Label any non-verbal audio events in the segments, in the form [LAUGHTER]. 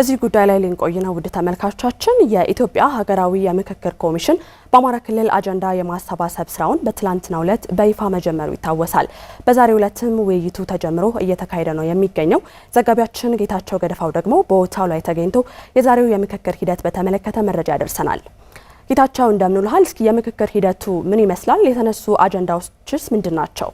እዚህ ጉዳይ ላይ ልንቆይ ነው። ውድ ተመልካቾቻችን፣ የኢትዮጵያ ሀገራዊ የምክክር ኮሚሽን በአማራ ክልል አጀንዳ የማሰባሰብ ስራውን በትላንትናው ዕለት በይፋ መጀመሩ ይታወሳል። በዛሬው ዕለትም ውይይቱ ተጀምሮ እየተካሄደ ነው የሚገኘው። ዘጋቢያችን ጌታቸው ገደፋው ደግሞ በቦታው ላይ ተገኝቶ የዛሬው የምክክር ሂደት በተመለከተ መረጃ ያደርሰናል። ጌታቸው እንደምንልሃል። እስኪ የምክክር ሂደቱ ምን ይመስላል? የተነሱ አጀንዳዎችስ ምንድን ናቸው?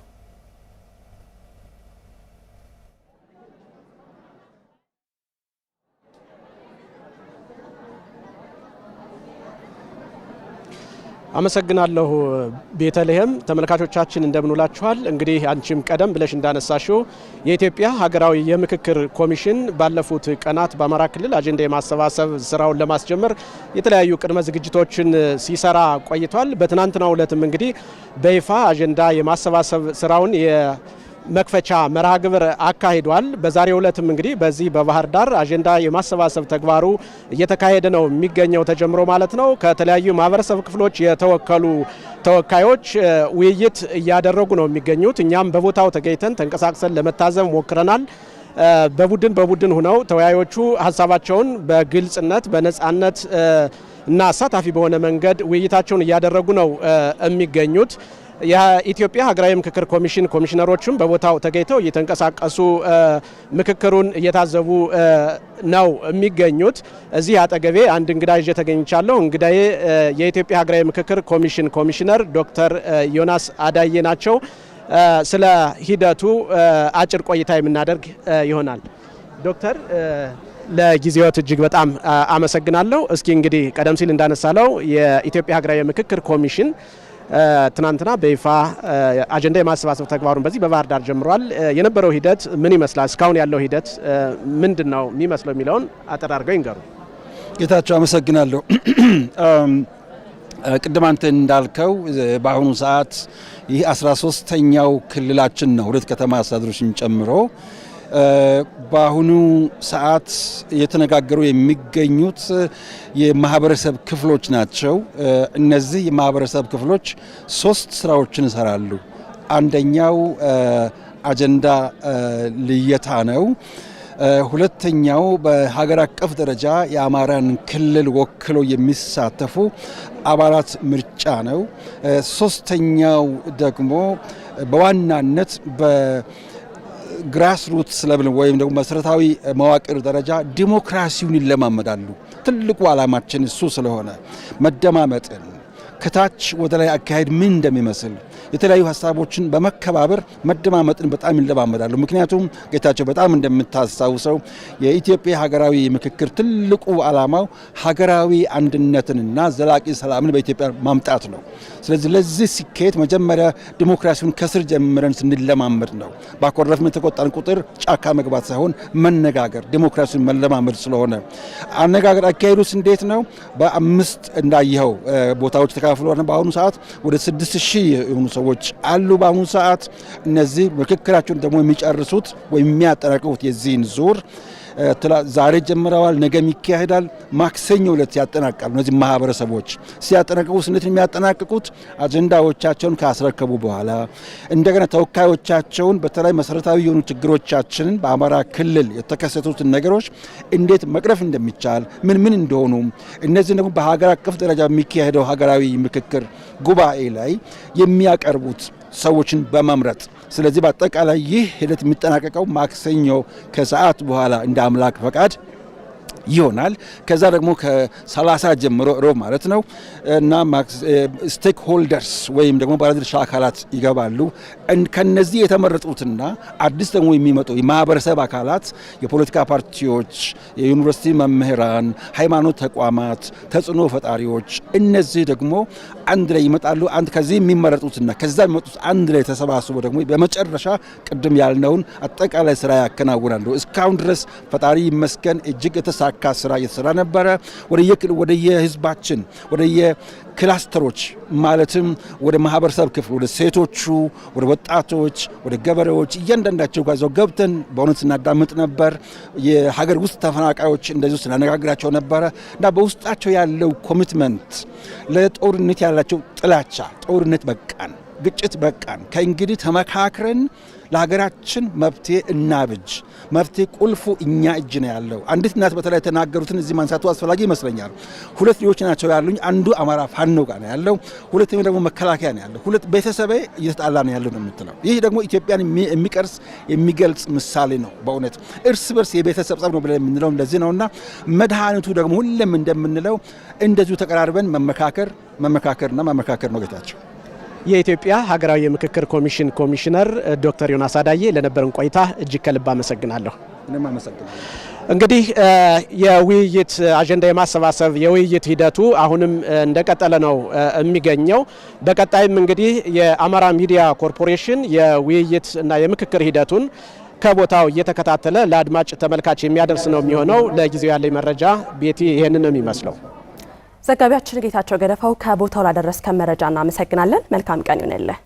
አመሰግናለሁ ቤተልሔም። ተመልካቾቻችን እንደምንውላችኋል። እንግዲህ አንቺም ቀደም ብለሽ እንዳነሳሽው የኢትዮጵያ ሀገራዊ የምክክር ኮሚሽን ባለፉት ቀናት በአማራ ክልል አጀንዳ የማሰባሰብ ስራውን ለማስጀመር የተለያዩ ቅድመ ዝግጅቶችን ሲሰራ ቆይቷል። በትናንትናው ዕለትም እንግዲህ በይፋ አጀንዳ የማሰባሰብ ስራውን መክፈቻ መርሃ ግብር አካሂዷል። በዛሬው ዕለትም እንግዲህ በዚህ በባህር ዳር አጀንዳ የማሰባሰብ ተግባሩ እየተካሄደ ነው የሚገኘው ተጀምሮ ማለት ነው። ከተለያዩ ማህበረሰብ ክፍሎች የተወከሉ ተወካዮች ውይይት እያደረጉ ነው የሚገኙት። እኛም በቦታው ተገኝተን ተንቀሳቅሰን ለመታዘብ ሞክረናል። በቡድን በቡድን ሆነው ተወያዮቹ ሀሳባቸውን በግልጽነት በነጻነት እና አሳታፊ በሆነ መንገድ ውይይታቸውን እያደረጉ ነው የሚገኙት። የኢትዮጵያ ሀገራዊ ምክክር ኮሚሽን ኮሚሽነሮችም በቦታው ተገኝተው እየተንቀሳቀሱ ምክክሩን እየታዘቡ ነው የሚገኙት። እዚህ አጠገቤ አንድ እንግዳ ይዤ ተገኝቻለሁ። እንግዳዬ የኢትዮጵያ ሀገራዊ ምክክር ኮሚሽን ኮሚሽነር ዶክተር ዮናስ አዳዬ ናቸው። ስለ ሂደቱ አጭር ቆይታ የምናደርግ ይሆናል። ዶክተር ለጊዜዎት እጅግ በጣም አመሰግናለሁ። እስኪ እንግዲህ ቀደም ሲል እንዳነሳለው የኢትዮጵያ ሀገራዊ ምክክር ኮሚሽን ትናንትና በይፋ አጀንዳ የማሰባሰብ ተግባሩን በዚህ በባህር ዳር ጀምሯል። የነበረው ሂደት ምን ይመስላል? እስካሁን ያለው ሂደት ምንድን ነው የሚመስለው የሚለውን አጠራርገው ይንገሩ። ጌታቸው አመሰግናለሁ። [CLEARS THROAT] ቅድም አንተ እንዳልከው በአሁኑ ሰዓት ይህ 13ተኛው ክልላችን ነው፣ ሁለት ከተማ አስተዳደሮችን ጨምሮ በአሁኑ ሰዓት እየተነጋገሩ የሚገኙት የማህበረሰብ ክፍሎች ናቸው። እነዚህ የማህበረሰብ ክፍሎች ሶስት ስራዎችን ይሰራሉ። አንደኛው አጀንዳ ልየታ ነው። ሁለተኛው በሀገር አቀፍ ደረጃ የአማራን ክልል ወክሎ የሚሳተፉ አባላት ምርጫ ነው። ሶስተኛው ደግሞ በዋናነት በ ግራስ ሩትስ ለብል ወይም ደግሞ መሰረታዊ መዋቅር ደረጃ ዲሞክራሲውን ይለማመዳሉ። ትልቁ ዓላማችን እሱ ስለሆነ መደማመጥን ከታች ወደ ላይ አካሄድ ምን እንደሚመስል የተለያዩ ሀሳቦችን በመከባበር መደማመጥን በጣም ይለማመዳሉ። ምክንያቱም ጌታቸው በጣም እንደምታስታውሰው የኢትዮጵያ ሀገራዊ ምክክር ትልቁ ዓላማው ሀገራዊ አንድነትንና ዘላቂ ሰላምን በኢትዮጵያ ማምጣት ነው። ስለዚህ ለዚህ ስኬት መጀመሪያ ዲሞክራሲውን ከስር ጀምረን ስንለማመድ ነው። ባኮረፍን የተቆጣን ቁጥር ጫካ መግባት ሳይሆን መነጋገር ዲሞክራሲን መለማመድ ስለሆነ አነጋገር አካሄዱስ እንዴት ነው? በአምስት እንዳየኸው ቦታዎች ተካፍሎ በአሁኑ ሰዓት ወደ ስድስት ሺህ የሆኑ ሰዎች ሰዎች አሉ። በአሁኑ ሰዓት እነዚህ ምክክራቸውን ደግሞ የሚጨርሱት ወይም የሚያጠናቅቁት የዚህን ዙር ዛሬ ጀምረዋል፣ ነገም ይካሄዳል፣ ማክሰኞ ዕለት ያጠናቃሉ። እነዚህ ማህበረሰቦች ሲያጠናቀቁ ስነት የሚያጠናቅቁት አጀንዳዎቻቸውን ካስረከቡ በኋላ እንደገና ተወካዮቻቸውን በተለይ መሰረታዊ የሆኑ ችግሮቻችንን በአማራ ክልል የተከሰቱትን ነገሮች እንዴት መቅረፍ እንደሚቻል ምን ምን እንደሆኑ እነዚህ ደግሞ በሀገር አቀፍ ደረጃ የሚካሄደው ሀገራዊ ምክክር ጉባኤ ላይ የሚያቀርቡት ሰዎችን በመምረጥ ስለዚህ በአጠቃላይ ይህ ሂደት የሚጠናቀቀው ማክሰኞ ከሰዓት በኋላ እንደ አምላክ ፈቃድ ይሆናል። ከዛ ደግሞ ከ30 ጀምሮ ሮብ ማለት ነው እና ስቴክ ሆልደርስ ወይም ደግሞ ባለድርሻ አካላት ይገባሉ። ከነዚህ የተመረጡትና አዲስ ደግሞ የሚመጡ የማህበረሰብ አካላት የፖለቲካ ፓርቲዎች፣ የዩኒቨርሲቲ መምህራን፣ ሃይማኖት ተቋማት፣ ተጽዕኖ ፈጣሪዎች እነዚህ ደግሞ አንድ ላይ ይመጣሉ። አንድ ከዚህ የሚመረጡትና ከዛ የሚመጡት አንድ ላይ ተሰባስቦ ደግሞ በመጨረሻ ቅድም ያልነውን አጠቃላይ ስራ ያከናውናሉ። እስካሁን ድረስ ፈጣሪ ይመስገን እጅግ የተሳ የሚያሳካ ስራ እየተሰራ ነበረ። ወደየህዝባችን ክላስተሮች ማለትም ወደ ማህበረሰብ ክፍል ወደ ሴቶቹ፣ ወደ ወጣቶች፣ ወደ ገበሬዎች እያንዳንዳቸው ጋር እዛው ገብተን በእውነት ስናዳምጥ ነበር። የሀገር ውስጥ ተፈናቃዮች እንደዚሁ ስናነጋግራቸው ነበረ እና በውስጣቸው ያለው ኮሚትመንት ለጦርነት ያላቸው ጥላቻ ጦርነት በቃን ግጭት በቃን፣ ከእንግዲህ ተመካክረን ለሀገራችን መፍትሄ እናብጅ። መፍትሄ ቁልፉ እኛ እጅ ነው ያለው። አንዲት እናት በተለይ የተናገሩትን እዚህ ማንሳቱ አስፈላጊ ይመስለኛል። ሁለት ልጆች ናቸው ያሉኝ። አንዱ አማራ ፋኖ ጋር ነው ያለው፣ ሁለተኛ ደግሞ መከላከያ ነው ያለው። ሁለት ቤተሰቤ እየተጣላ ነው ያለው ነው የምትለው። ይህ ደግሞ ኢትዮጵያን የሚቀርስ የሚገልጽ ምሳሌ ነው። በእውነት እርስ በርስ የቤተሰብ ጸብ ነው ብለን የምንለው እንደዚህ እና መድኃኒቱ ደግሞ ሁሌም እንደምንለው እንደዚሁ ተቀራርበን መመካከር መመካከርና መመካከር ነው ጌታቸው የኢትዮጵያ ሀገራዊ የምክክር ኮሚሽን ኮሚሽነር ዶክተር ዮናስ አዳዬ ለነበረን ቆይታ እጅግ ከልብ አመሰግናለሁ። እኔም አመሰግናለሁ። እንግዲህ የውይይት አጀንዳ የማሰባሰብ የውይይት ሂደቱ አሁንም እንደቀጠለ ነው የሚገኘው። በቀጣይም እንግዲህ የአማራ ሚዲያ ኮርፖሬሽን የውይይት እና የምክክር ሂደቱን ከቦታው እየተከታተለ ለአድማጭ ተመልካች የሚያደርስ ነው የሚሆነው። ለጊዜው ያለኝ መረጃ ቤቲ ይህንን ነው የሚመስለው። ዘጋቢያችን ጌታቸው ገደፋው ከቦታው ላደረስከን መረጃ እናመሰግናለን። መልካም ቀን ይሁንልህ።